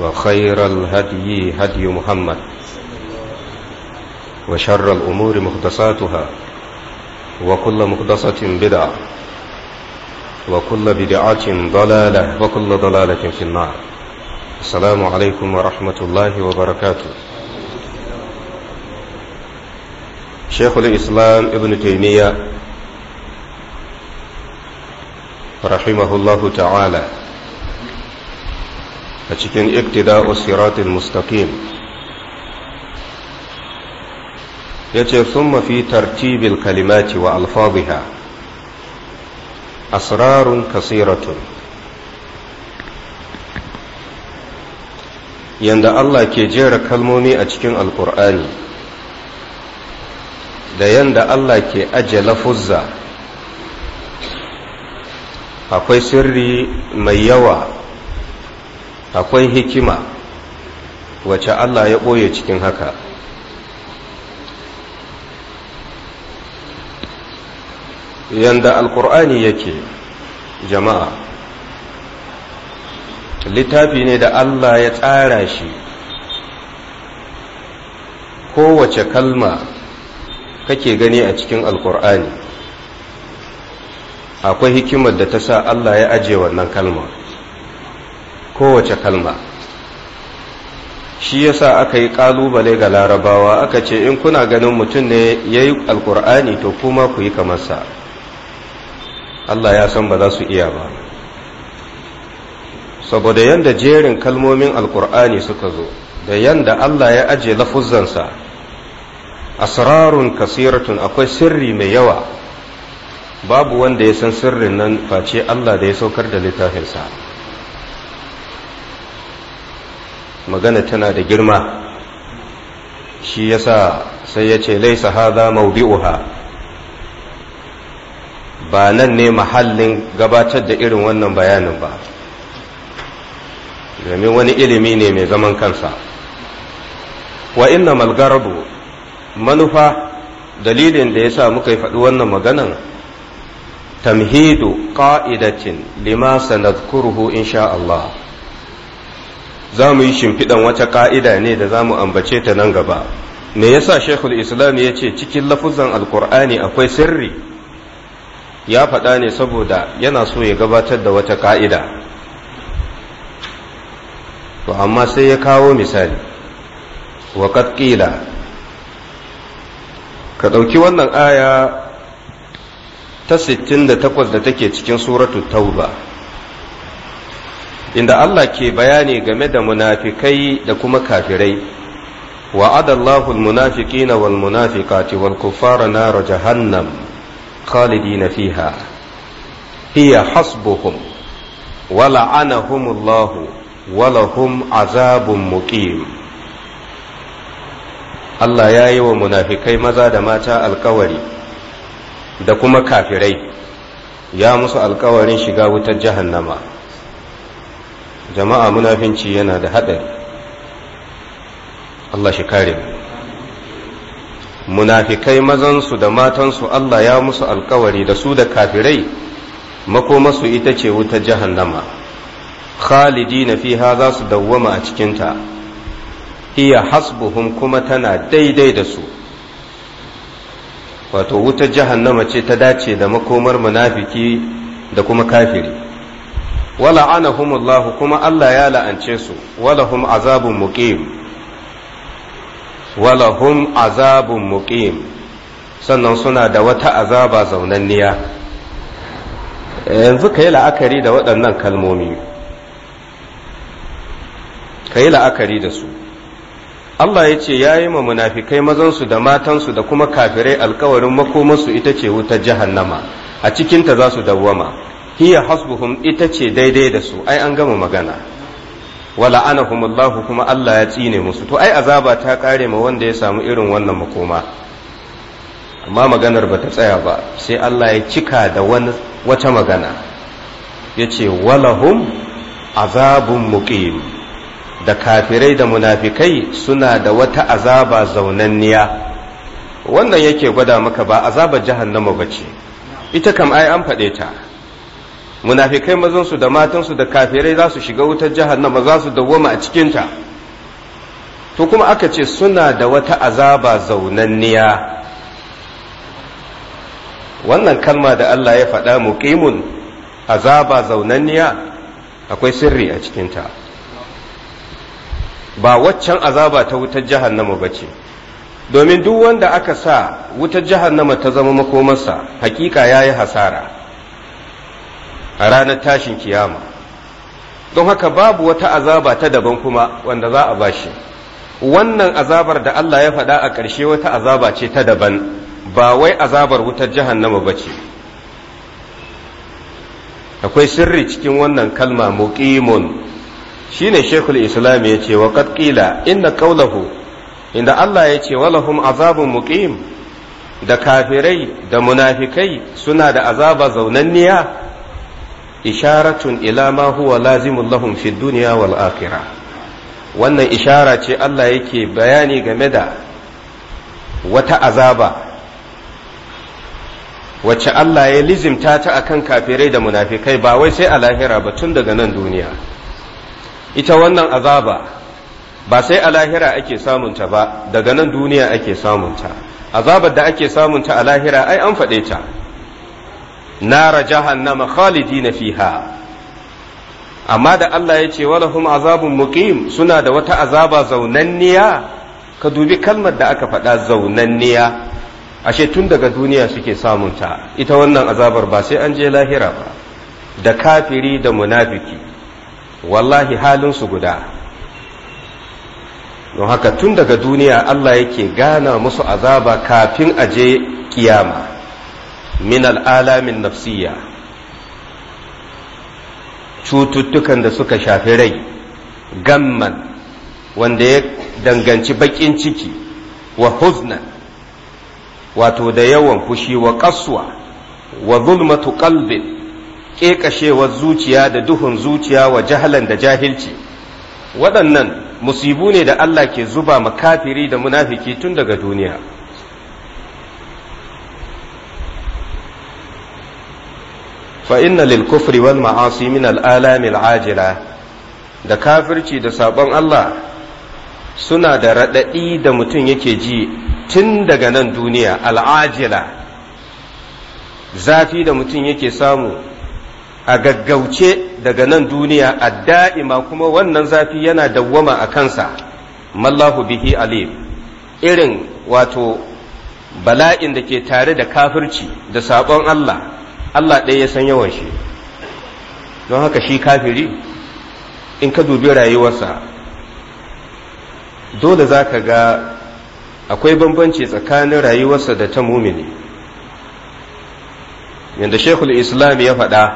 وخير الهدي هدي محمد وشر الأمور مخدساتها وكل مخدسة بدعة وكل بدعة ضلالة وكل ضلالة في النار السلام عليكم ورحمة الله وبركاته شيخ الإسلام ابن تيمية رحمه الله تعالى a cikin iktida'u siratul mustaqim yace sun mafi tartibin kalimati wa alfaziha asrarun kasiratun yanda Allah ke jera kalmomi a cikin alkur'ani da yanda Allah ke aje lafuzza akwai sirri mai yawa akwai hikima wace Allah ya ɓoye cikin haka yanda alkur'ani yake jama'a littafi ne da Allah ya tsara shi kowace kalma kake gani a cikin alkur'ani akwai hikimar da ta sa Allah ya aje wannan kalmar kowace kalma shi yasa aka yi ƙalubale ga larabawa aka ce in kuna ganin mutum ne ya yi alkur'ani to kuma ku yi kamarsa allah ya san ba za su iya ba saboda yadda jerin kalmomin alkur'ani suka zo da yadda allah ya ajiye lafuzzansa asrarun kasiratun akwai sirri mai yawa babu wanda ya san sirrin nan face allah da ya saukar da littafinsa magana tana da girma shi yasa sai ya ce laisa haza mawdi'uha ba nan ne mahallin gabatar da irin wannan bayanin ba domin wani ilimi ne mai zaman kansa wa inna malgarbu manufa dalilin da ya sa muka yi faɗi wannan maganan tamhidu ƙa'idatin lima sanadkuruhu insha Allah za mu yi shimfiɗan wata ƙa'ida ne da za mu ambace ta nan gaba me yasa shekul islam ya ce cikin lafuzan alkur'ani akwai sirri ya faɗa ne saboda yana so ya gabatar da wata ƙa'ida to amma sai ya kawo misali wa ƙila ka ɗauki wannan aya ta 68 da take cikin suratu tauba inda Allah ke bayani game da munafikai da kuma kafirai wa adallahu almunafiqina wal munafiqati wal kuffara nar jahannam khalidina fiha hiya hasbuhum wa la'anahum Allah wa lahum azabun muqim Allah ya yi wa munafikai maza da mata alkawari da kuma kafirai ya musu alkawarin shiga wutar jahannama jama'a munafinci yana da haɗari Allah shi kare munafikai mazansu da matansu Allah ya musu alkawari da su da kafirai makomasu ita ce wuta jahannama na fiha za su dawwama a cikinta hiya hasbuhum kuma tana daidai da su wato wuta jahannama ce ta dace da makomar munafiki da kuma kafiri wala anahumullahu kuma Allah ya la'ance su wala hum azabun muqim wala sannan suna da wata azaba zaunanniya yanzu ka yi la'akari da waɗannan kalmomi ka yi la'akari da su Allah ya ce ya yi ma munafikai mazansu da matansu da kuma kafirai alkawarin makomansu ita ce wutar jahannama a cikinta za su dawwama hiya hasbuhum ita ce daidai da su ai an gama magana wala anahumullahu kuma Allah ya tsine musu to ai azaba ta kare ma wanda ya samu irin wannan makoma amma maganar ba ta tsaya ba sai Allah ya cika da wani wata magana ya ce walahum azabun muqim da kafirai da munafikai suna da wata azaba zaunanniya wannan yake gwada maka ba azabar jahannama ba ce ita kam ai an faɗe ta munafikai mazansu da matansu da kafirai za su shiga wutar jahannama za su dawwama a cikinta to kuma aka ce suna da wata azaba zaunanniya wannan kalma da Allah ya faɗa muqimun azaba zaunanniya akwai sirri a cikinta ba waccan azaba ta wutar jahannama ba ce domin duk wanda aka sa wutar jahannama ta zama makomarsa hakika ya yi hasara a ranar tashin kiyama don haka babu wata azaba ta daban kuma wanda za a bashi wannan azabar da Allah ya faɗa a ƙarshe wata azaba ce ta daban ba wai azabar wutar jahannama ba ce akwai sirri cikin wannan kalma muqimun shine shekul islam ya ce wa qila inna qawlahu inda Allah ya ce walahum azabun muƙim da kafirai da munafikai suna da azaba zaunanniya isharatun ila ma huwa lazimul lahum fi dunya wal akhirah wannan ishara ce Allah yake bayani game da wata azaba wacce Allah ya lizimta ta akan kafirai da munafikai ba wai sai a lahira ba tun daga nan duniya ita wannan azaba ba sai a lahira ake samunta ba daga nan duniya ake samunta azabar da ake samunta a lahira ai an faɗe ta nara jahannama khalidina fiha amma da Allah ya ce walahum azabun muqim suna da wata azaba zaunanniya ka dubi kalmar da aka faɗa zaunanniya ashe tun daga duniya suke samunta ita wannan azabar ba sai an je lahira ba da kafiri da munafiki wallahi halin su guda don haka tun daga duniya Allah yake gana musu azaba kafin a je kiyama min al'alamin nafsiyya cututtukan da suka shafi rai gamman wanda ya danganci baƙin ciki wa huznan wato da yawan fushi wa ƙaswa wa zulmatu qalbin ƙeƙashewar zuciya da duhun zuciya wa jahalan da jahilci waɗannan musibu ne da Allah ke zuba makafiri da munafiki tun daga duniya fa inna lil kufri wal ma'asi min al ajila da kafirci da sabon Allah suna da raɗaɗi da mutum yake ji tun daga nan duniya al'ajila zafi da mutum yake samu a gaggauce daga nan duniya a da'ima kuma wannan zafi yana dawwama a kansa mallahu bihi alim irin wato bala'in da ke tare da kafirci da sabon Allah Allah ɗaya ya san yawan shi don haka shi kafiri in ka dubi rayuwarsa dole za ka ga akwai bambanci tsakanin rayuwarsa da ta mumini yadda shekul islam ya faɗa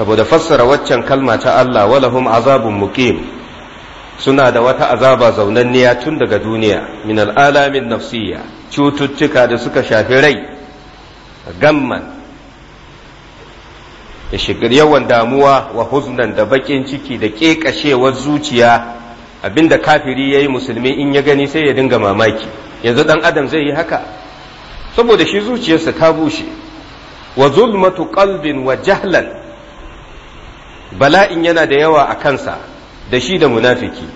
saboda fassara waccan kalma ta Allah walahum azabun muqim suna da wata azaba zaunanniya tun daga duniya min al'alamin nafsiyya cututtuka da suka shafi rai gamman da shigar yawan damuwa wa huznan da bakin ciki da ƙeƙashewar zuciya abinda kafiri ya yi musulmi in ya gani sai ya dinga mamaki yanzu ɗan adam zai yi haka saboda shi zuciyarsa ta bushe wa zulmatu qalbin wa jahlan bala'in yana da yawa a kansa da shi da munafiki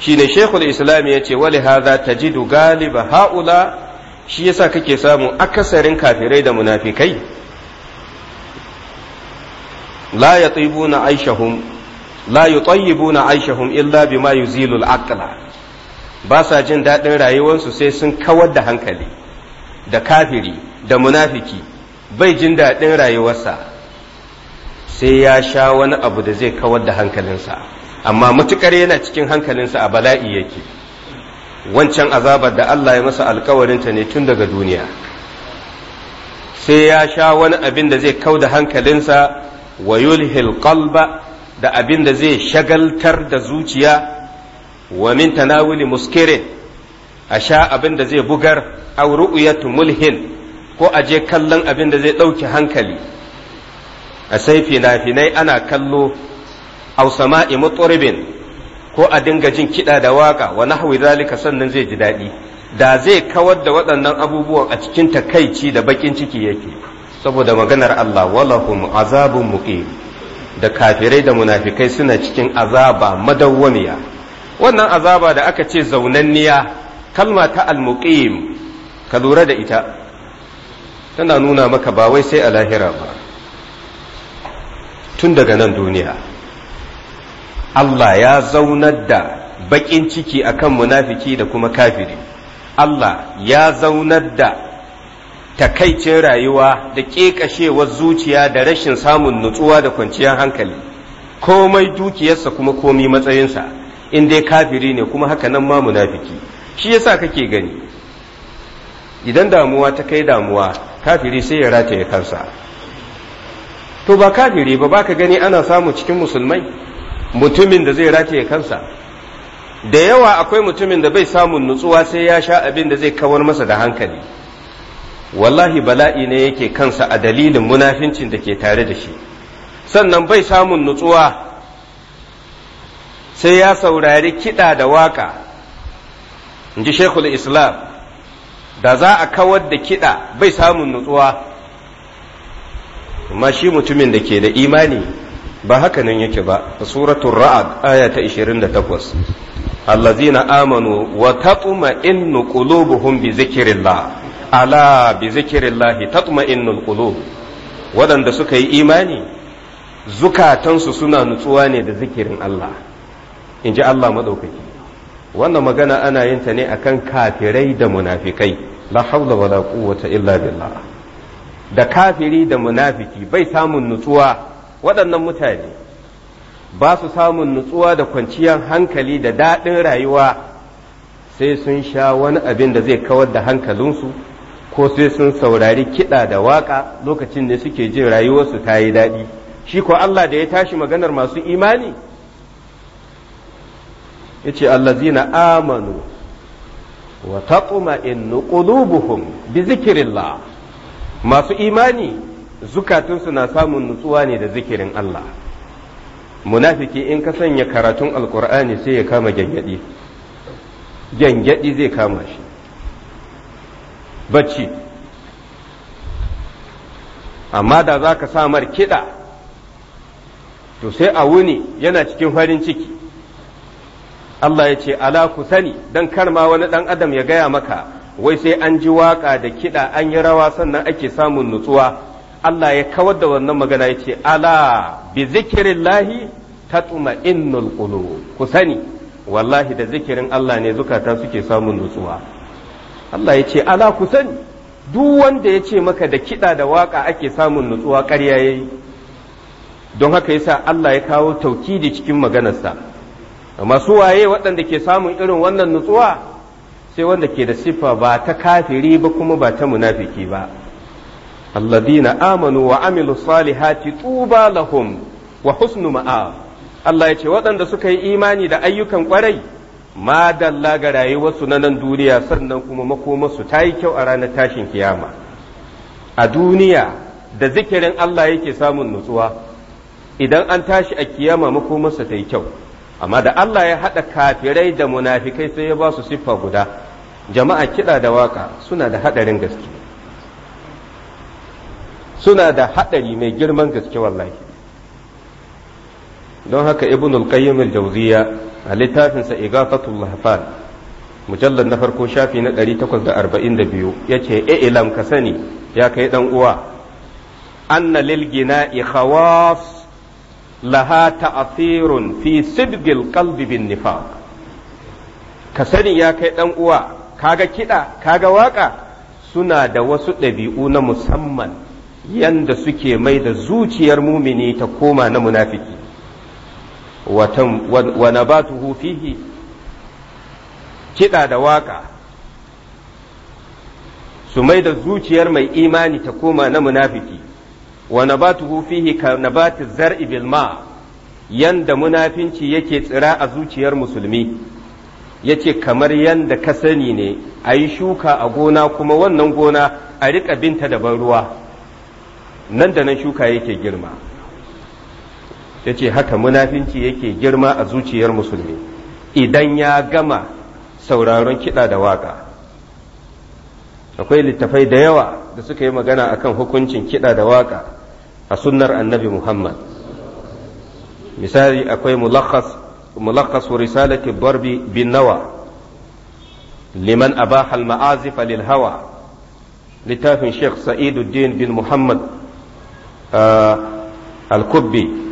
shine shekul islam ya ce wali hadha tajidu galiba ha'ula shi yasa kake samu akasarin kafirai da munafikai la yatibuna aishahum la yutayyibuna aishahum illa bima yuzilu al-aqla ba sa jin daɗin rayuwarsu sai sun kawar da hankali da kafiri da munafuki bai jin daɗin rayuwarsa sai ya sha wani abu da zai kawar da hankalinsa amma matukar yana cikin hankalinsa a bala'i yake wancan azabar da Allah ya masa alkawarinta ne tun daga duniya sai ya sha wani abin da zai kau da hankalinsa wa yulhil qalba da abin da zai shagaltar da zuciya wa min tanawuli muskire a sha abin da zai bugar aw ru'yatu mulhin ko a je kallon abin da zai ɗauki hankali a sai fina-finai ana kallo aw sama'i muturibin ko a dinga jin kiɗa da waƙa wa nahwi zalika sannan zai ji daɗi da zai kawar da waɗannan abubuwan a cikin takaici da baƙin ciki yake saboda maganar Allah walahum azabun muqim da kafirai da munafikai suna cikin azaba madawwamiya wannan azaba da aka ce zaunanniya kalma ta almuqim ka lura da ita tana nuna maka ba wai sai a lahira ba tun daga nan duniya Allah ya zaunar da baƙin ciki akan munafiki da kuma kafiri Allah ya zaunar da takaicin rayuwa da ƙeƙashewar zuciya da rashin samun nutsuwa da kwanciyar hankali komai dukiyarsa kuma komi matsayinsa in dai kafiri ne kuma haka nan ma munafiki shi yasa kake gani idan damuwa ta kai damuwa kafiri sai ya rataye kansa to ba kafiri ba baka gani ana samu cikin musulmai mutumin da zai rataye kansa da yawa akwai mutumin da bai samun nutsuwa sai ya sha abin da zai kawar masa da hankali wallahi bala'i ne yake kansa a dalilin munafincin da ke tare da shi sannan bai samun nutsuwa sai ya saurari kiɗa da waƙa in ji shekul islam da za a kawar da kiɗa bai samun nutsuwa amma shi mutumin da ke da imani ba haka nan yake ba a suratun ra'ad aya ta 28 allazina amanu wa taquma innu qulubuhum bi zikrillah ala bi zikirillahi tatma'innul qulub waɗanda suka yi imani zukatansu suna nutsuwa ne da zikirin Allah in ji Allah maɗaukaki wannan magana ana yin ta ne akan kafirai da munafikai la haula wala quwwata illa billah da kafiri da munafiki bai samun nutsuwa waɗannan mutane ba su samun nutsuwa da kwanciyar hankali da daɗin rayuwa sai sun sha wani abin da zai kawar da hankalinsu ko sai sun saurari kiɗa da waƙa lokacin ne suke jin rayuwarsu ta yi daɗi shi ko Allah da ya tashi maganar masu imani ya ce allazina amanu wa taqma'innu qulubuhum bi zikrillah masu imani zukatunsu na samun nutsuwa ne da zikirin Allah munafiki in ka sanya karatun alkur'ani sai ya kama gyangyaɗi gyangyaɗi zai kama shi bacci amma da za ka samar kiɗa to sai a wuni yana cikin farin ciki Allah ya ce ala ku sani don karma wani ɗan adam ya gaya maka wai sai an ji waƙa da kiɗa an yi rawa sannan ake samun nutsuwa Allah ya kawar da wannan magana ya ce ala bi zikirin lahi ta innul ku sani wallahi da zikirin Allah ne zukata suke samun nutsuwa Allah ya ce ala ku sani duk wanda ya ce maka da kiɗa da waƙa ake samun nutsuwa ƙarya ya don haka yasa Allah ya kawo taukidi cikin maganarsa amma su waye waɗanda ke samun irin wannan nutsuwa sai wanda ke da siffa ba ta kafiri ba kuma ba ta munafiki ba alladina amanu wa amilu salihati tuba lahum wa husnu ma'a Allah ya ce waɗanda suka yi imani da ayyukan ƙwarai ma dalla ga rayuwarsu na nan duniya sannan kuma makomarsu ta yi kyau a ranar tashin kiyama a duniya da zikirin Allah yake samun nutsuwa idan an tashi a kiyama makomarsa ta yi kyau amma da Allah ya haɗa kafirai da munafikai sai ya ba su siffa guda jama'a kiɗa da waka suna da haɗarin gaske suna da haɗari mai girman gaske wallahi don haka ibn al-qayyim al-jawziya a littafinsa igafatul lahfan mujallad na farko shafi na 842 yace e, i'lam ka sani ya kai dan uwa anna lil gina'i khawas laha ta'thirun fi sidqil qalbi bin nifaq ka sani ya kai dan uwa kaga kida kaga waka suna da wasu ɗabi'u na musamman yanda suke mai da zuciyar mumini ta koma na munafiki wa nabatuhu fihi kiɗa da waƙa su mai da zuciyar mai imani ta koma na munafiki wa nabatuhu fihi ka nabati zar'i bil ma yanda munafinci yake tsira a zuciyar musulmi yace kamar yanda ka sani ne a yi shuka a gona kuma wannan gona a riƙa binta da ban ruwa nan da nan shuka yake girma ya ce haka munafinci yake girma a zuciyar musulmi idan ya gama sauraron kiɗa da waƙa akwai littafai da yawa da suka yi magana a kan hukuncin kiɗa da waƙa a sunnar annabi muhammad misali akwai mulakhas risalati barbi bin nawa liman a bahal maazifa lil hawa littafin sheikh sa'iduddin bin muhammad ah, al-kubbi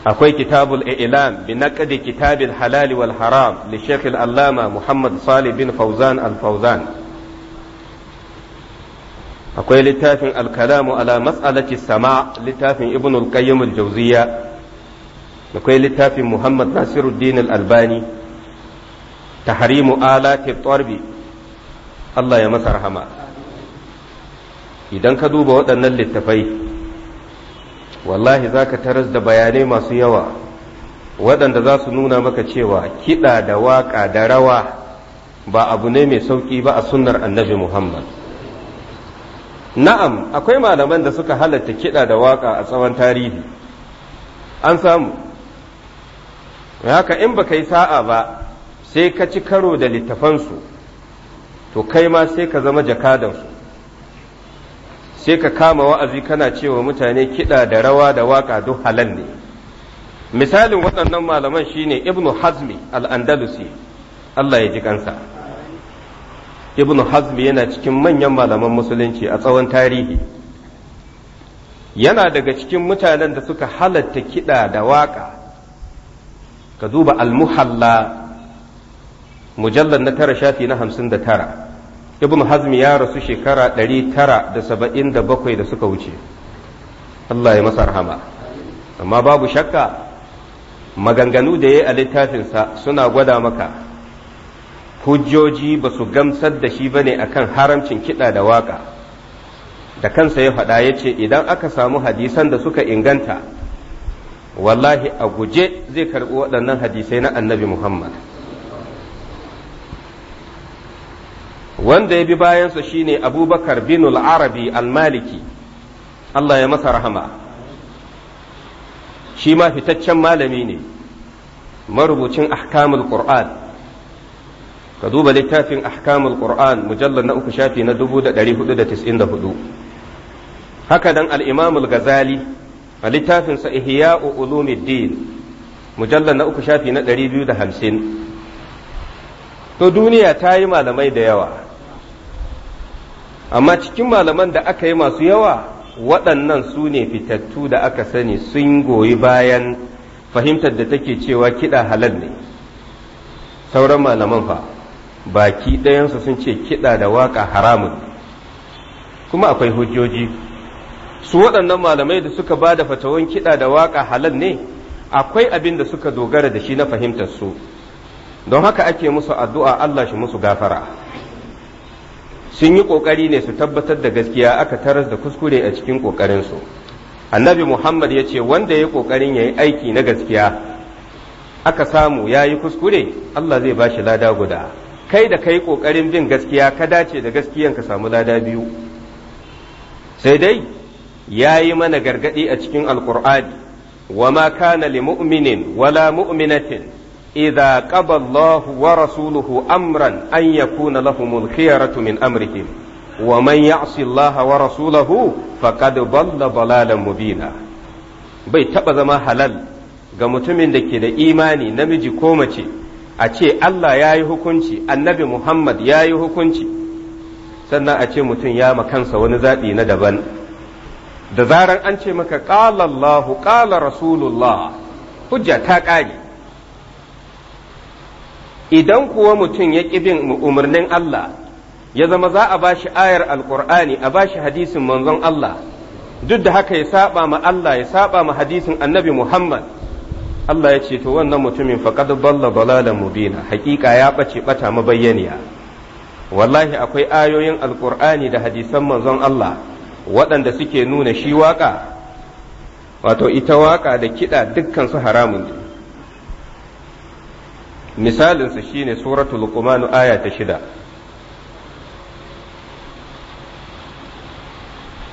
akwai kitabul i'lam bi naqdi kitabil halali wal haram li shaykh allama muhammad salih bin fauzan al akwai littafin alkalamu ala mas'alati sama'a littafin ibn al-qayyim al littafin muhammad nasiruddin al-albani tahrimu alati tarbi Allah ya masa rahama idan ka duba waɗannan littafai wallahi za ka taras da bayanai masu yawa waɗanda za su nuna maka cewa kiɗa da waƙa da rawa ba abu ne mai sauƙi ba a sunnar annabi muhammad na'am akwai malaman da suka halatta kiɗa da waƙa a tsawon tarihi an samu haka in ba yi sa'a ba sai ka ci karo da littafansu to kai ma sai ka zama jakadansu sai ka kama wa'azi kana cewa mutane kiɗa da rawa da waƙa duk halal ne misalin waɗannan malaman shine ibnu hazmi al Allah ya ji kansa ibnu hazmi yana cikin manyan malaman musulunci a tsawon tarihi yana daga cikin mutanen da suka halatta kiɗa da waƙa ka duba al-muhalla mujallar na tara shafi na hamsin da tara ibn hazm ya rasu shekara 977 da suka wuce Allah ya masa rahama amma babu shakka maganganu da ya yi a littafinsa suna gwada maka hujjoji ba su gamsar da shi bane akan haramcin kiɗa da waƙa da kansa ya faɗa ya ce idan aka samu hadisan da suka inganta wallahi a guje zai karɓi waɗannan hadisai na annabi muhammad wanda ya bi bayansa shine abubakar bin al-arabi al-maliki Allah ya masa rahama shi ma fitaccen malami ne marubucin ahkamul qur'an ka duba littafin ahkamul qur'an mujallar na uku shafi na 1494 haka dan al-imam al-ghazali a littafin sa ihya'u ulumuddin mujallar na uku shafi na 250 to duniya ta yi malamai da yawa amma cikin malaman da aka yi masu yawa waɗannan su ne fitattu da aka sani sun goyi bayan fahimtar da take cewa kiɗa halal ne sauran malaman fa baki ɗayansu sun ce kiɗa da waƙa haramun kuma akwai hujjoji su waɗannan malamai da suka ba da fatawan kiɗa da waƙa halal ne akwai abin da suka dogara da shi na fahimtar su don haka ake musu addu'a Allah shi musu gafara sun yi ƙoƙari ne su tabbatar da gaskiya aka taras da kuskure a cikin ƙoƙarinsu. annabi muhammad ya ce wanda ya kokarin ya yi aiki na gaskiya aka samu ya yi kuskure allah zai ba shi lada guda kai da kai kokarin bin gaskiya ka dace da gaskiyan ka samu lada biyu sai dai ya yi mana gargadi a cikin alkur'ani wa ma kana li mu'minin wala mu'minatin Iza qada Allah wa rasuluhu amran an yakuna lahumul khiyaratu min amrihim wa man ya'si Allah wa rasulahu faqad mubina bai taɓa zama halal ga mutumin da ke da imani namiji ko mace a ce Allah ya yi hukunci annabi Muhammad ya yi hukunci sannan a ce mutum ya makansa wani zaɓi na daban da zarar an ce maka ƙala Allahu ƙala Rasulullah hujja ta ƙare idan kuwa mutum ya ƙi bin umarnin Allah ya zama za a bashi ayar alƙur'ani a bashi hadisin manzon Allah duk da haka ya saba ma Allah ya saba ma hadisin annabi Muhammad Allah ya ce to wannan mutumin faqad balla mu mubina hakika ya ɓace ɓata mabayyaniya wallahi akwai ayoyin alkur'ani da hadisan manzon Allah waɗanda suke nuna shi waka wato ita waƙa da kiɗa dukkan su haramun ne misalinsa shine suratul luqman aya ta shida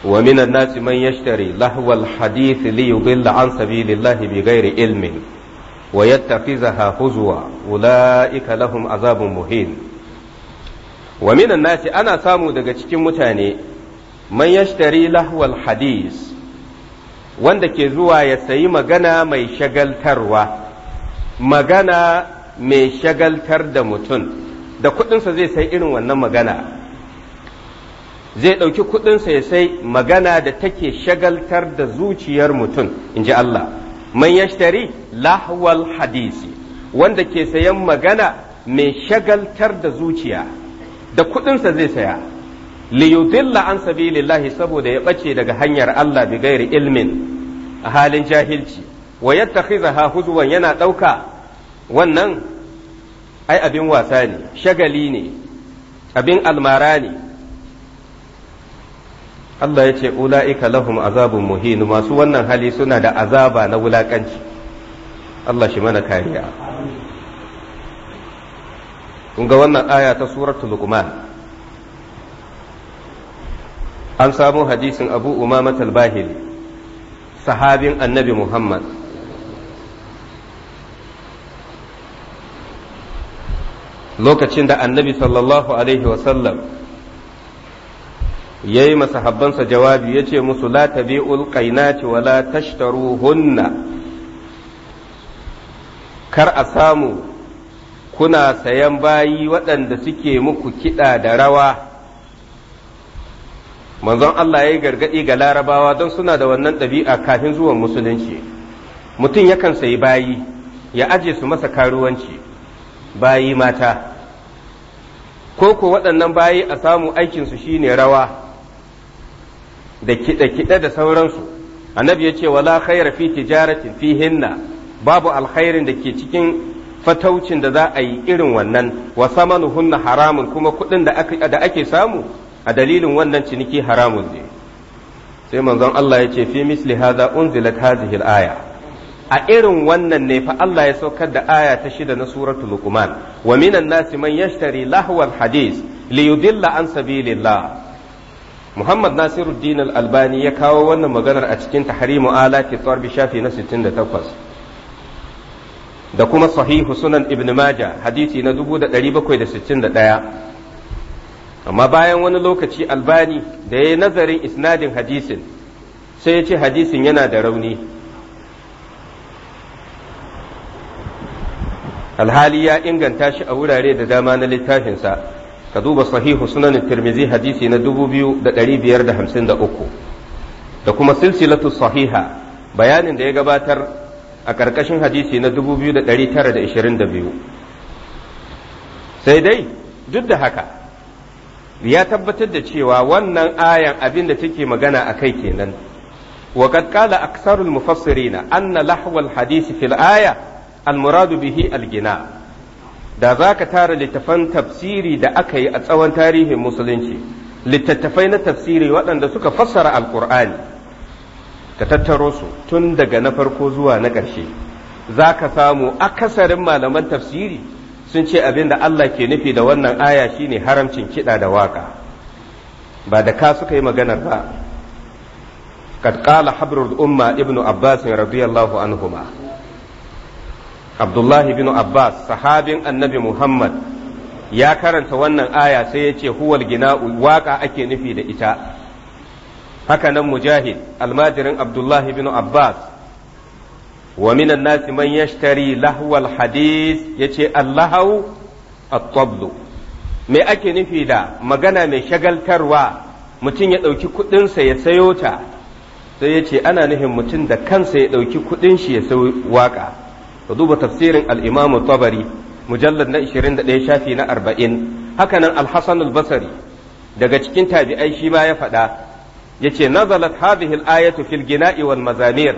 wa minan nasi man yashtari lahwal hadith li yudilla an sabilillahi bighairi ilmin wa yattakhizaha huzwa ulaika lahum azabun muhin wa minan nasi ana samu daga cikin mutane man yashtari lahwal hadith wanda ke zuwa ya sayi magana mai shagaltarwa magana mai shagaltar da mutum da kuɗinsa zai sai irin wannan magana zai ɗauki kuɗinsa ya sai magana da take shagaltar da zuciyar mutum in ji Allah man yashtari lahwal hadisi wanda ke sayan magana mai shagaltar da zuciya da kuɗinsa zai saya liyudilla an sabilillahi saboda ya ɓace daga hanyar Allah bi gairi ilmin a halin jahilci wa yattakhizaha huzwan yana ɗauka wannan ai abin wasa ne shagali ne abin almara ne Allah ya ce ula'ika lahum azabun muhin masu wannan hali suna da azaba na wulakanci Allah shi mana kariya kun ga wannan aya ta suratul luqman an samu hadisin abu umama talbahili sahabin annabi muhammad lokacin da annabi sallallahu alaihi wasallam ya yi masahabbansa jawabi ya ce musu la tabi'ul qainati wa la hunna kar a samu kuna sayan bayi waɗanda suke muku kiɗa da rawa manzon Allah ya yi gargaɗi ga larabawa don suna da wannan ɗabi'a kafin zuwan musulunci mutum yakan sayi bayi ya aje su masa karuwanci bayi mata ko ko waɗannan bayi a samu aikinsu shine rawa da kiɗe-kiɗe da sauransu annabi ya ce wala khaira fi tijaratin fi hinna babu alkhairin da ke cikin fataucin da za a yi irin wannan wa hunna haramun kuma kuɗin da ake samu a dalilin wannan ciniki haramun ne sai manzon Allah ya ce fi misli hadha unzilat hadhihi al-aya a irin wannan ne fa Allah ya saukar da aya ta shida na suratu luqman wa minan nasi man yashtari lahwal hadis li yudilla an sabilillah Muhammad Nasiruddin Al-Albani ya kawo wannan maganar a cikin Tahrimu Alati Tsarbi shafi na 68 da kuma Sahihu Sunan Ibn Majah hadisi na 1761 amma bayan wani lokaci albani da ya yi nazarin isnadin hadisin sai ya ce hadisin yana da rauni alhali ya inganta shi a wurare da dama na littafinsa ka duba sahihu sunan tirmizi hadisi na 2553 da kuma silsilatu sahiha bayanin da ya gabatar a ƙarƙashin hadisi na 2922 sai dai duk da haka ya tabbatar da cewa wannan ayan abin da take magana a kai kenan وقد قال أكثر المفسرين أن لحو hadisi في الآية almuradu bihi algina da za ka tara littafan tafsiri da aka yi a tsawon tarihin musulunci littattafai na tafsiri waɗanda suka fassara Alƙur'ani ka tattaro su tun daga na farko zuwa na ƙarshe za ka samu akasarin malaman tafsiri sun ce abin da Allah ke nufi da wannan aya shine haramcin kiɗa da waƙa ba da ka suka yi maganar ba قد قال حبر umma ibnu عباس رضي Anhu ba. abdullahi bin abbas sahabin annabi muhammad ya karanta wannan aya sai yace huwal gina waka ake nufi da ita hakanan mujahid almajirin abdullahi bin abbas wa minan nasi man yashtari lahwal hadis yace allahu at-tablu me ake nufi da magana mai shagaltarwa mutum ya ɗauki kuɗinsa ya sayo ta sai yace ana nufin mutum da kansa ya ɗauki kuɗin shi ya sayo waƙa ka duba tafsirin al-imam tabari mujallad na 21 shafi na 40 hakanan al-hasan al-basri daga cikin tabi'ai shi ba ya faɗa ya yace nazalat hadhihi al-ayatu fil gina'i wal mazamir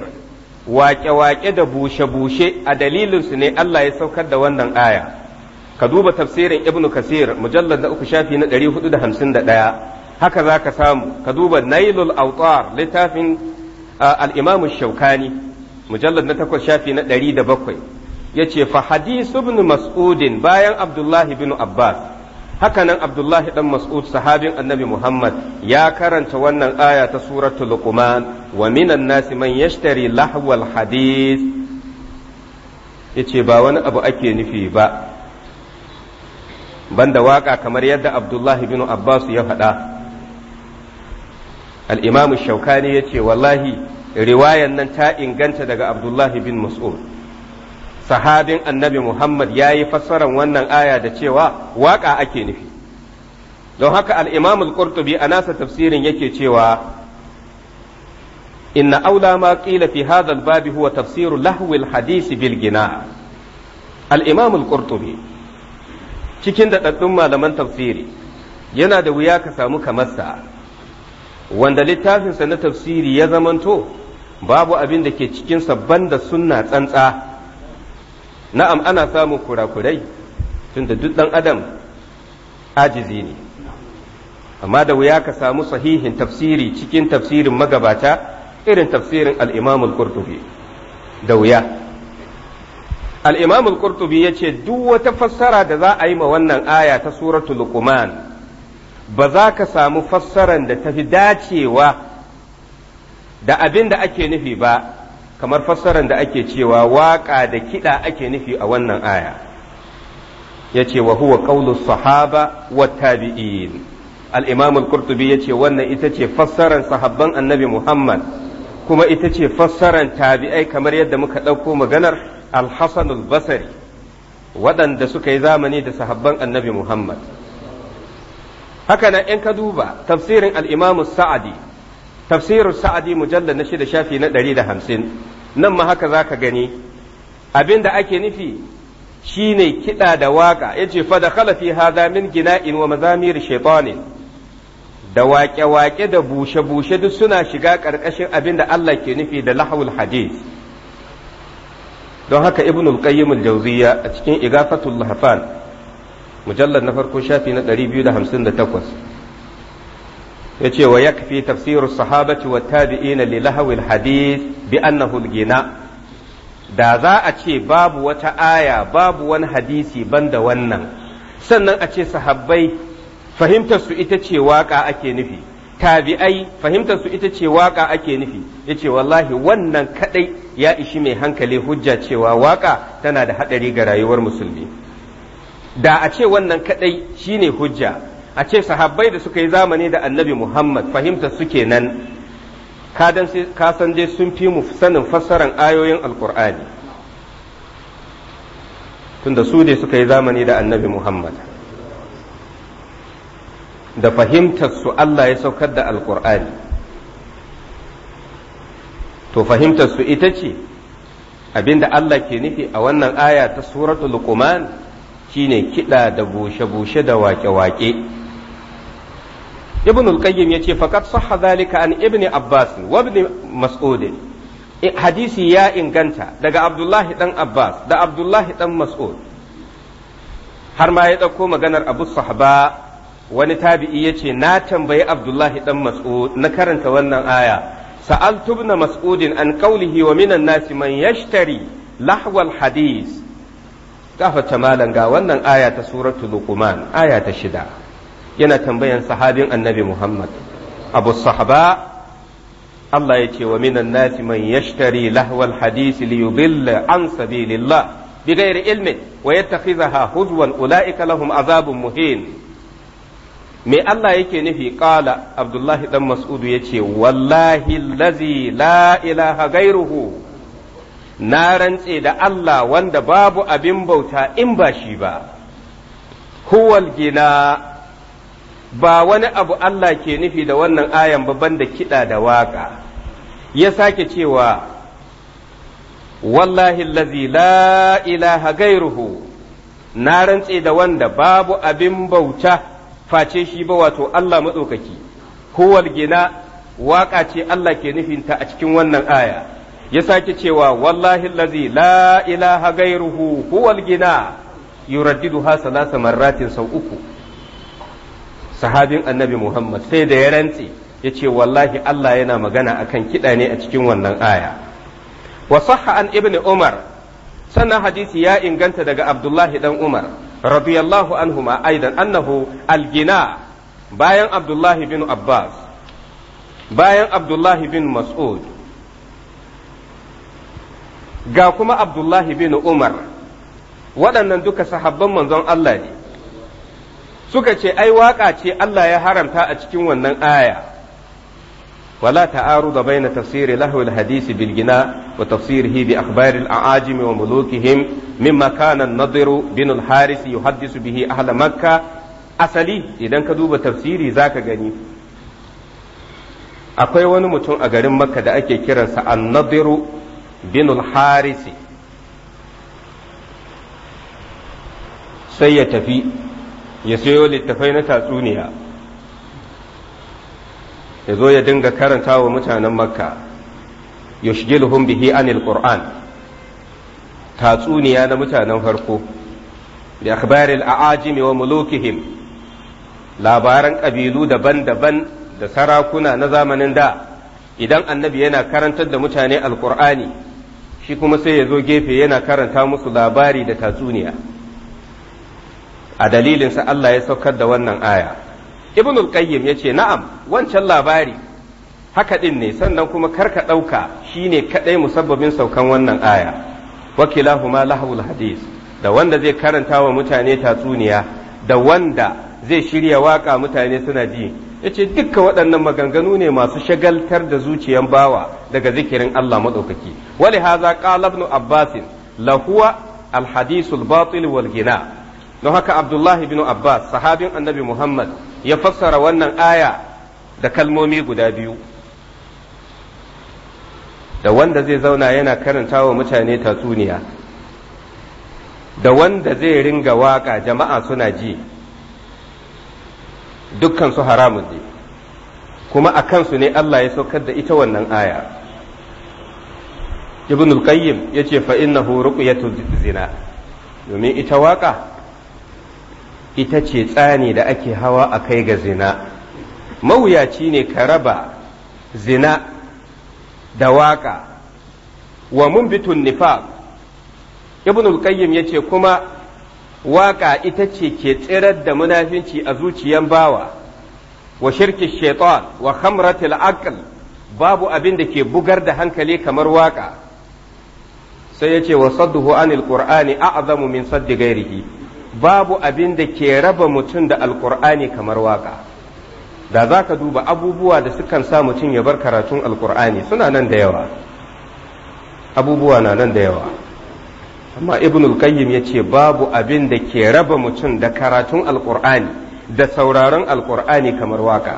waƙe-waƙe da bushe-bushe a dalilinsu ne Allah ya saukar da wannan aya ka duba tafsirin ibn kasir mujallar na uku shafi na 451 haka za ka samu ka duba nailul autar littafin al-imamu shaukani mujallar na takwas shafi na ɗari da bakwai ya ce fa hadisu ibn mas'udin bayan abdullahi bin abbas hakanan abdullahi dan mas'ud sahabin annabi muhammad ya karanta wannan aya ta suratul luqman wa minan nasi man yashtari lahwal hadis yace ba wani abu ake nufi ba banda waka kamar yadda abdullahi bin abbas ya faɗa al-imam shaukani yace wallahi riwayan nan ta inganta daga abdullahi bin mas'ud sahabin annabi muhammad ya yi fassarar wannan aya da cewa waƙa ake nufi don haka al'imam al-qurtubi a nasa tafsirin yake cewa inna aula ma ƙila fi hadha al-babi huwa tafsiru lahwil hadisi bil gina al al-qurtubi cikin daɗaɗɗun malaman tafsiri yana da wuya ka samu kamar sa wanda littafinsa na tafsiri ya zamanto babu abin da ke cikin cikinsa banda sunna tsantsa na'am ana samun kurakurai tunda duk ɗan adam ajizi ne amma da wuya ka samu sahihin tafsiri cikin tafsirin magabata irin tafsirin al-imam qurtubi da wuya al-imam al-qurtubi yace duk wata fassara da za a yi ma wannan aya ta suratul luqman ba za ka samu fassaran da tafi dacewa da abin da ake nufi ba kamar fassaran da ake cewa waƙa da kiɗa ake nufi a wannan aya ya ce wa huwa ƙaulu sahaba wa tabi'in al-imam al ya ce wannan ita ce fassaran sahabban annabi muhammad kuma ita ce fassaran tabi'ai kamar yadda muka ɗauko maganar al-hasan al waɗanda suka yi zamani da sahabban annabi muhammad haka nan in ka duba tafsirin al Sa'adi tafsirin Sa'adi mujallar na shida shafi na ɗari hamsin nan ma haka zaka gani abinda ake nufi shine kiɗa da waƙa yace fa da khalafi hadha min gina'in wa mazamir shaytanin da waƙe-waƙe da bushe-bushe duk suna shiga ƙarƙashin abin da Allah ke nufi da lahawul hadis don haka ibnul al-qayyim al-jawziyya a cikin igafatul lahfan mujallar na farko shafi na 258 yace wa yakfi tafsiru sahabati wa tabi'ina li lahawil hadith bi annahu da za a ce babu wata aya babu wani hadisi banda wannan sannan a ce sahabbai fahimtarsu ita ce waka ake nufi tabi'ai fahimtarsu ita ce waka ake nufi yace wallahi wannan kadai ya ishi mai hankali hujja cewa waka tana da haɗari ga rayuwar musulmi da a ce wannan kadai shine hujja a ce sahabbai da suka yi zamani da annabi Muhammad fahimta suke nan ka san dai sun fi mu sanin fassaran ayoyin alkur'ani tunda su ne suka yi zamani da annabi Muhammad da fahimtarsu Allah ya saukar da alkur'ani to fahimtarsu ita ce abinda Allah ke nufi a wannan aya ta suratul luqman shine kiɗa da bushe-bushe da wake-wake ibn al-qayyim yace faqad sahha zalika an ibn abbas wa ibn mas'ud e, hadisi ya inganta daga abdullahi dan abbas da abdullahi dan mas'ud har ma ya dauko maganar abu sahaba wani tabi'i yace na tambayi abdullahi dan mas'ud na karanta wannan aya sa'altu ibn mas'ud an qawlihi wa minan nasi man yashtari lahwal hadis gafarta malam ga wannan aya ta suratu luqman aya ta shida yana tambayan sahabin annabi muhammad abu sahaba Allah ya ce wa minan nasi man yashtari lahwal hadisi li yudilla an sabilillah bighairi ilmin wa yattakhidhaha huzwan ulaika lahum azabin muhin me Allah yake nufi ƙala Abdullahi dan Mas'udu yace wallahi allazi la ilaha gairuhu na rantse da Allah wanda babu abin bauta in ba shi ba huwal gina ba wani abu Allah ke nufi da wannan ayan babban da kiɗa da waƙa ya sake cewa wallahi lazi la ilaha gairuhu na rantse da wanda babu abin bauta face shi ba wato Allah matsokaki huwal gina waƙa ce Allah ke nufinta a cikin wannan aya ya sake cewa wallahi lazi la ilaha gairuhu huwal gina ha salasa marratin sau uku sahabin annabi Muhammad sai da ya rantse ya ce wallahi Allah yana magana akan kiɗa ne a cikin wannan aya wa sahha an ibn Umar sannan hadisi ya inganta daga Abdullahi dan Umar radiyallahu ma aidan annahu algina bayan Abdullahi bin Abbas bayan Abdullahi bin Mas'ud ga kuma abdullahi bin umar waɗannan duka sahabban manzon Allah ne suka ce ai waƙa ce Allah ya haramta a cikin wannan aya wala ta'aru da baina tafsiri lahul hadisi bil gina wa tafsirihi bi akhbaril a'ajimi wa mulukihim mimma kana an-nadiru bin al-haris yuhaddisu bihi ahla makka asali idan ka duba tafsiri zaka gani akwai wani mutum a garin makka da ake kiransa an-nadiru binul harisi sai ya tafi ya sayo littafai na tatsuniya ya zo ya dinga karanta wa mutanen makka yushgiluhum bihi anil qur'an tatsuniya na mutanen farko da akhbaril a'ajim wa mulukihim labaran kabilu daban-daban da sarakuna na zamanin da idan annabi yana karantar da mutane alqur'ani shi kuma sai ya zo gefe yana karanta musu labari da tatsuniya a dalilinsa Allah ya saukar da wannan aya ibn qayyim ya ce na'am wancan labari haka ɗin ne sannan kuma karka ɗauka shine ne kaɗai musabbabin saukan wannan aya wakilahuma lahawul hadis da wanda zai karanta wa mutane tatsuniya da wanda zai shirya waƙa mutane suna ji ya ce dukka waɗannan maganganu ne masu shagaltar da zuciyan bawa daga zikirin Allah maɗaukaki wali haza kalabnu abbasin lahuwa alhadisul batil wal gina don haka abdullahi bin abbas sahabin annabi muhammad ya fassara wannan aya da kalmomi guda biyu da wanda zai zauna yana karanta wa mutane tatsuniya da wanda zai ringa waka jama'a suna ji dukkan su haramun ne kuma a kansu ne Allah ya saukar da ita wannan aya ibn al-qayyim yace fa innahu ruqyatu zina domin ita waka ita ce tsani da ake hawa a kai ga zina mawuyaci ne ka raba zina da waka wa mumbitun nifaq ibn al-qayyim yace kuma waƙa ita ce ke tsirar da munafinci a zuciyan bawa wa shirki shaitan wa khamratil aql babu abin da ke bugar da hankali kamar waƙa sai ya ce wa sadduhu anil qur'ani a'zamu min saddi ghairihi babu abin da ke raba mutum da alqur'ani kamar waƙa da za duba abubuwa da sukan sa mutum ya bar karatun alqur'ani suna nan da yawa abubuwa na nan da yawa amma ibn al-qayyim yace babu abin da ke raba mutum da karatun alqur'ani da sauraron alqur'ani kamar waka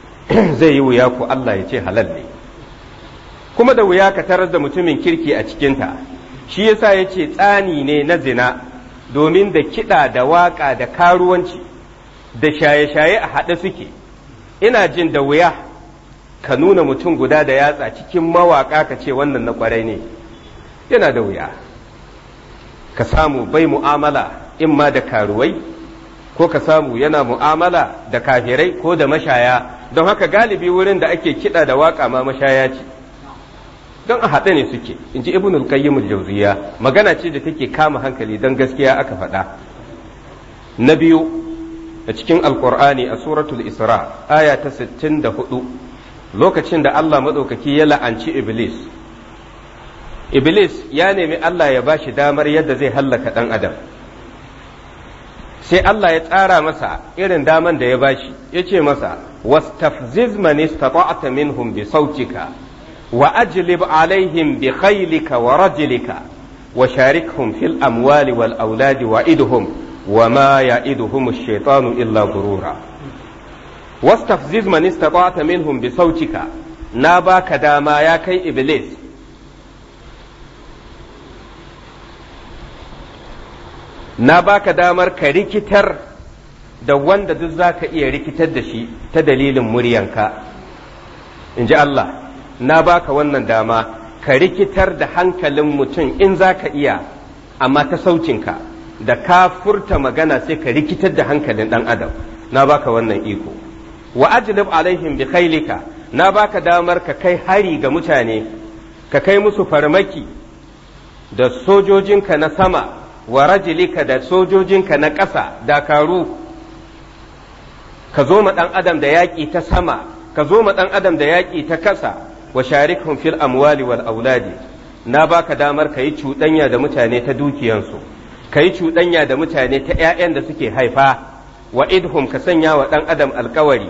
zai yi wuya ko Allah ya ce halal ne kuma da wuya ka tarar da mutumin kirki a cikinta shi yasa yace tsani ne na zina domin da kiɗa da waka da karuwanci da shaye-shaye a haɗe suke ina jin da wuya ka nuna mutum guda da yatsa cikin mawaka ka ce wannan na kwarai ne yana da wuya ka samu bai mu'amala in ma da karuwai ko ka samu yana mu'amala da kafirai ko da mashaya don haka galibi wurin da ake kiɗa da waƙa ma mashaya ce don a haɗe ne suke in ji ibnul qayyim al-jawziya magana ce da take kama hankali don gaskiya aka faɗa na biyu a cikin Alƙur'ani a suratul isra aya ta 64 lokacin da Allah madaukaki ya la'anci iblis iblis ya nemi Allah ya ba shi damar yadda zai hallaka ɗan adam sai Allah ya tsara masa irin daman da ya ba shi ya ce masa wastafziz man istata'ta minhum bi sautika wa ajlib alaihim bi khaylika wa rajlika wa sharikhum fil amwali wal auladi wa idhum wa ma ya'iduhum ash-shaytanu illa gurura wastafziz man istata'ta minhum bi sautika na baka dama ya kai iblis na baka damar ka rikitar da wanda duk za ka iya rikitar da shi ta dalilin muryanka in ji Allah na baka wannan dama ka rikitar da hankalin mutum in za ka iya amma ta saucinka da ka furta magana sai ka rikitar da hankalin ɗan adam na baka wannan iko wa ajlib alaihim bi khailika na baka damar ka kai hari ga mutane ka kai musu farmaki da sojojinka na sama wa rajulika da sojojinka na ƙasa dakaru ka zo ma ɗan adam da yaƙi ta sama ka zo ma ɗan adam da yaƙi ta ƙasa wa sharikhum fil amwali wal auladi na baka damar ka yi cuɗanya da mutane ta dukiyansu ka yi cuɗanya da mutane ta 'ya'yan da suke haifa wa idhum ka sanya wa ɗan adam alkawari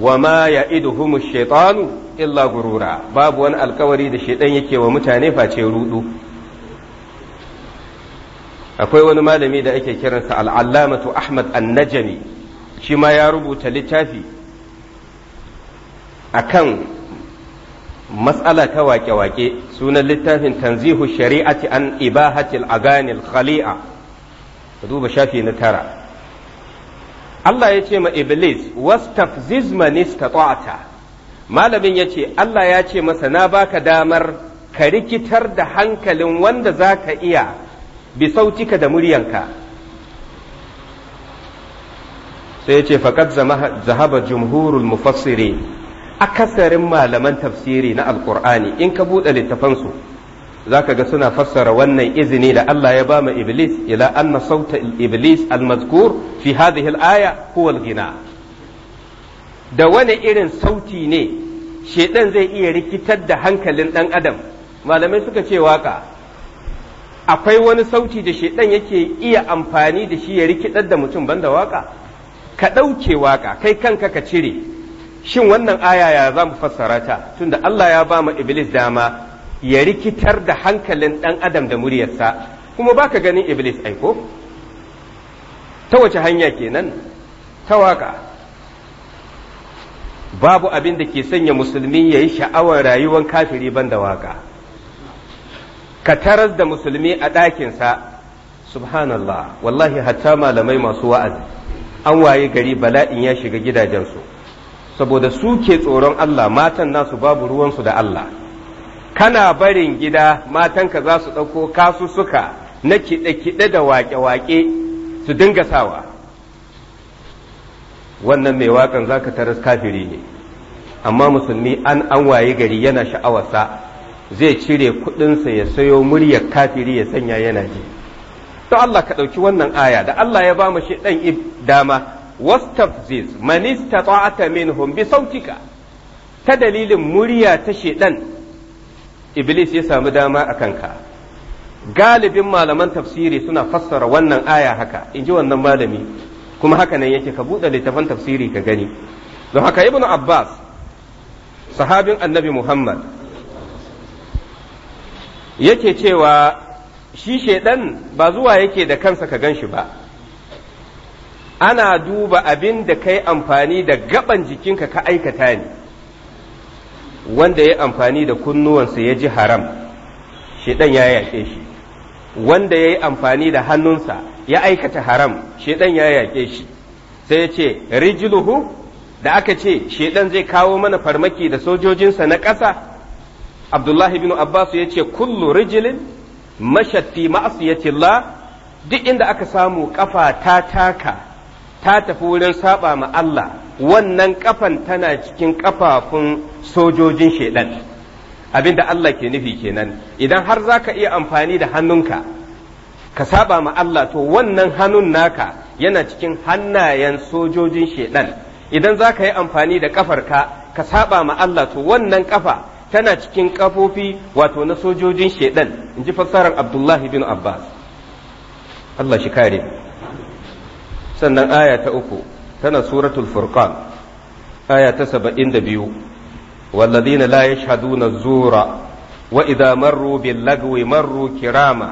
wa ma ya idhumu shaitanu illa gurura babu wani alkawari da shaitan yake wa mutane face ruɗu. akwai wani malami da ake kiransa al'allamatu ahmad annajami shi ma ya rubuta littafi akan matsala ta wake-wake sunan littafin tanzihu shari'ati an ibahatil aganil khali'a duba shafi na tara Allah ya ce ma Iblis wastafziz man istata'ta malamin ya ce Allah ya ce masa na baka damar ka rikitar da hankalin wanda za ka iya bi sautika da muryanka sai ya ce faqad zahaba jumhurul mufassiri akasarin malaman tafsiri na alqur'ani in ka buɗe littafansu zaka ga suna fassara wannan izini da Allah ya bama iblis ila anna sauta iblis almazkur fi hadhihi alaya huwa alghina da wani irin sauti ne shedan zai iya rikitar da hankalin dan adam malamai suka ce waka akwai wani sauti da shaidan yake iya amfani da shi ya rikidar da mutum banda waka ka ɗauke waka kai kanka ka cire shin wannan aya ya za mu fassara ta tunda Allah ya ba mu iblis dama ya rikitar da hankalin ɗan adam da muryarsa kuma baka ganin iblis aiko ta wace hanya kenan ta waka babu abin da ke sanya musulmi ya yi sha'awar rayuwar kafiri banda waka ka taras da musulmi a ɗakinsa subhanallah wallahi hatta malamai masu wa'azi an waye gari bala'in ya shiga gidajensu saboda su ke tsoron Allah matan nasu babu ruwansu da Allah kana barin gida matanka za su ɗauko kasussuka na kiɗe-kiɗe da waƙe-waƙe su dinga sawa wannan mai waƙan za ka taras kafiri ne amma musulmi an an waye gari yana sha'awarsa zai cire kuɗinsa ya sayo muryar kafiri ya sanya yana ji to Allah ka ɗauki wannan aya da Allah ya ba mu shi ɗan dama wastafziz man istata'ata minhum bi sautika ta dalilin murya ta shedan iblis ya samu dama a kanka galibin malaman tafsiri suna fassara wannan aya haka in ji wannan malami kuma haka nan yake ka buɗe littafin tafsiri ka gani don haka ibnu abbas sahabin annabi muhammad yake cewa shi shaidan ba zuwa yake da kansa ka gan shi ba ana duba abin da kai amfani da gaban jikinka ka aikata ne wanda ya amfani da kunnuwansa ya ji haram shaidan ya yaƙe shi wanda ya yi amfani da hannunsa ya aikata haram shaidan ya yaƙe shi sai ya ce rijluhu da aka ce shaidan zai kawo mana farmaki da sojojinsa na ƙasa abdullahi bin abbas ya ce kullu rijilin mashatti Allah duk inda aka samu kafa ta taka ta tafi wurin saba ma Allah wannan kafan tana cikin kafafun sojojin shedan abinda Allah ke nufi kenan idan har zaka iya amfani da hannunka ka saba ma Allah to wannan hannun naka yana cikin hannayen sojojin shedan idan zaka yi amfani da kafarka ka saba ma Allah to wannan kafa tana cikin kafofi wato na sojojin shedan in ji fassarar abdullahi bin abbas Allah shi kare sannan aya ta uku tana suratul furqan aya ta saba'in da biyu والذين لا يشهدون wa'iza وإذا مروا باللغو مروا كراما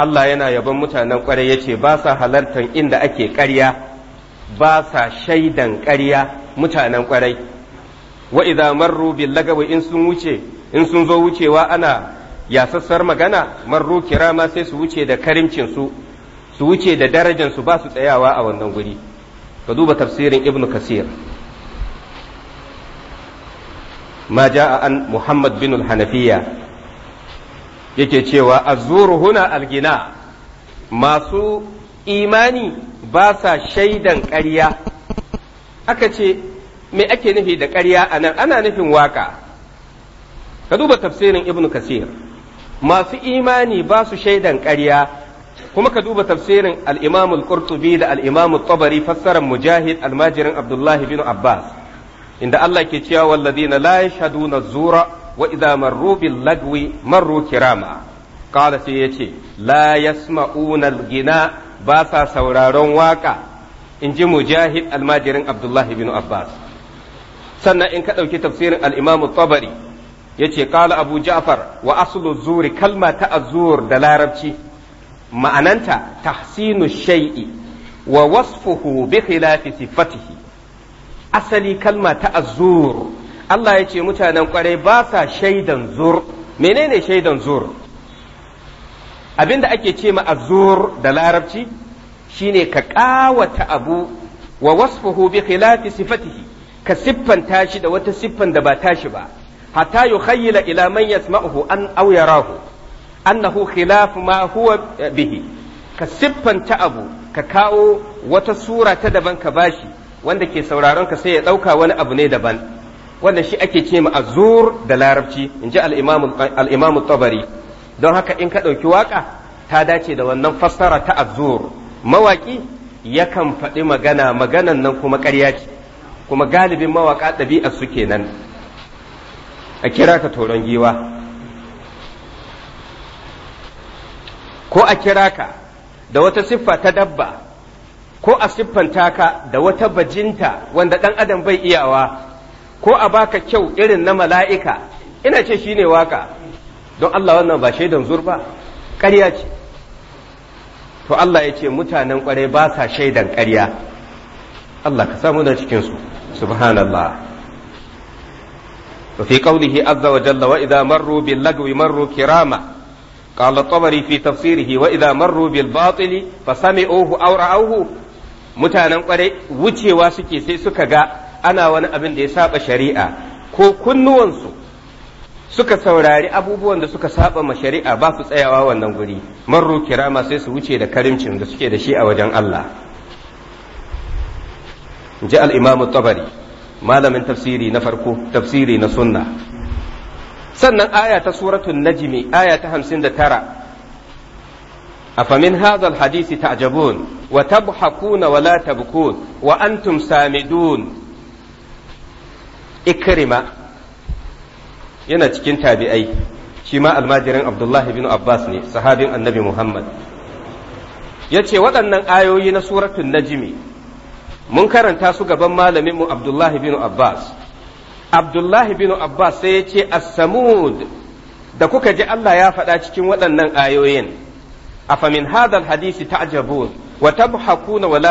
Allah yana yabon mutanen ƙwarai ya ce ba sa halartar inda ake ƙarya ba sa shaidan ƙarya mutanen ƙwarai wa idza marru bil in sun wuce in sun zo wucewa ana yasassar magana marru kirama sai su wuce da karimcin su su wuce da darajan su ba su tsayawa a wannan guri ka duba tafsirin ibnu kasir ma jaa an muhammad bin al-hanafiya yake cewa azuru huna algina masu imani ba sa shaidan ƙarya aka ce me ake nufi da ƙarya a nan ana nufin waka ka duba tafsirin ibnu kasir masu imani ba su shaidan ƙarya kuma ka duba tafsirin al'imamul imam qurtubi da al'imamul imam tabari fassarar mujahid almajirin abdullahi bin abbas inda Allah ke cewa walladina la na zura wa idza marru bil lagwi marru kirama kala sai yace la yasma'una gina ba sa sauraron waka in ji mujahid almajirin abdullahi bin abbas sannan in ka ɗauki tafsirin al-imamu ya yace qala abu ja'far wa aslu zuri kalma ta azur da larabci ma'ananta tahsinu shay'i wa wasfuhu bi khilafi sifatihi asali kalma ta azur Allah ya ce mutanen kwarai ba sa shaidan zur menene shaidan zur abinda ake ce ma azur da larabci shine ka ƙawata abu wa wasfuhu bi khilafi sifatihi ka siffanta shi da wata siffan da ba tashi ba hatta yukhayyila ila man yasma'uhu an aw yarahu annahu khilaf ma huwa bihi ka siffanta abu ka kawo wata sura ta daban ka bashi wanda ke sauraron ka sai ya dauka wani abu ne daban wanda shi ake ce ma azur da larabci inji al-imam al-imam tabari don haka in ka dauki waka ta dace da wannan fassara ta azur mawaki yakan faɗi magana maganan nan kuma ƙarya ce kuma galibin mawaka ɗabi'a su nan a kira ka toron giwa ko a kira ka da wata siffa ta dabba ko a siffanta ka da wata bajinta wanda ɗan adam bai iyawa ko a baka kyau irin na mala'ika ina ce shi ne waka don Allah wannan ba shaidan zur ba ƙarya ce to Allah ya ce mutanen ƙwarai ba sa shaidan ƙarya Allah ka samu na cikinsu subhanallah وفي قوله عز وجل وإذا مروا باللغو مروا كراما قال الطبري في تفسيره وإذا مروا بالباطل فسمعوه mutanen kwarai wucewa suke sai suka ga ana wani abin da ya saba shari'a ko kunnuwansu suka saurari abubuwan da suka saɓa ma shari'a ba su tsayawa wannan guri marru sai su wuce da karimcin da suke da shi a wajen Allah ji al-imam malamin tafsiri na farko tafsiri na sunna sannan aya ta suratul najmi aya ta 59 أفمن هذا الحديث تعجبون وتضحكون ولا تبكون وأنتم سامدون إكرمة yana cikin tabi'ai shima almajirin abdullahi bin abbas ne sahabin annabi muhammad ya ce waɗannan ayoyi na suratun najimi mun karanta su gaban malamin mu Abdullahi bin Abbas Abdullahi bin Abbas sai ya ce as-samud da kuka ji Allah ya faɗa cikin waɗannan ayoyin afamin hadal hadisi ta'jabun wa tabhakuna wala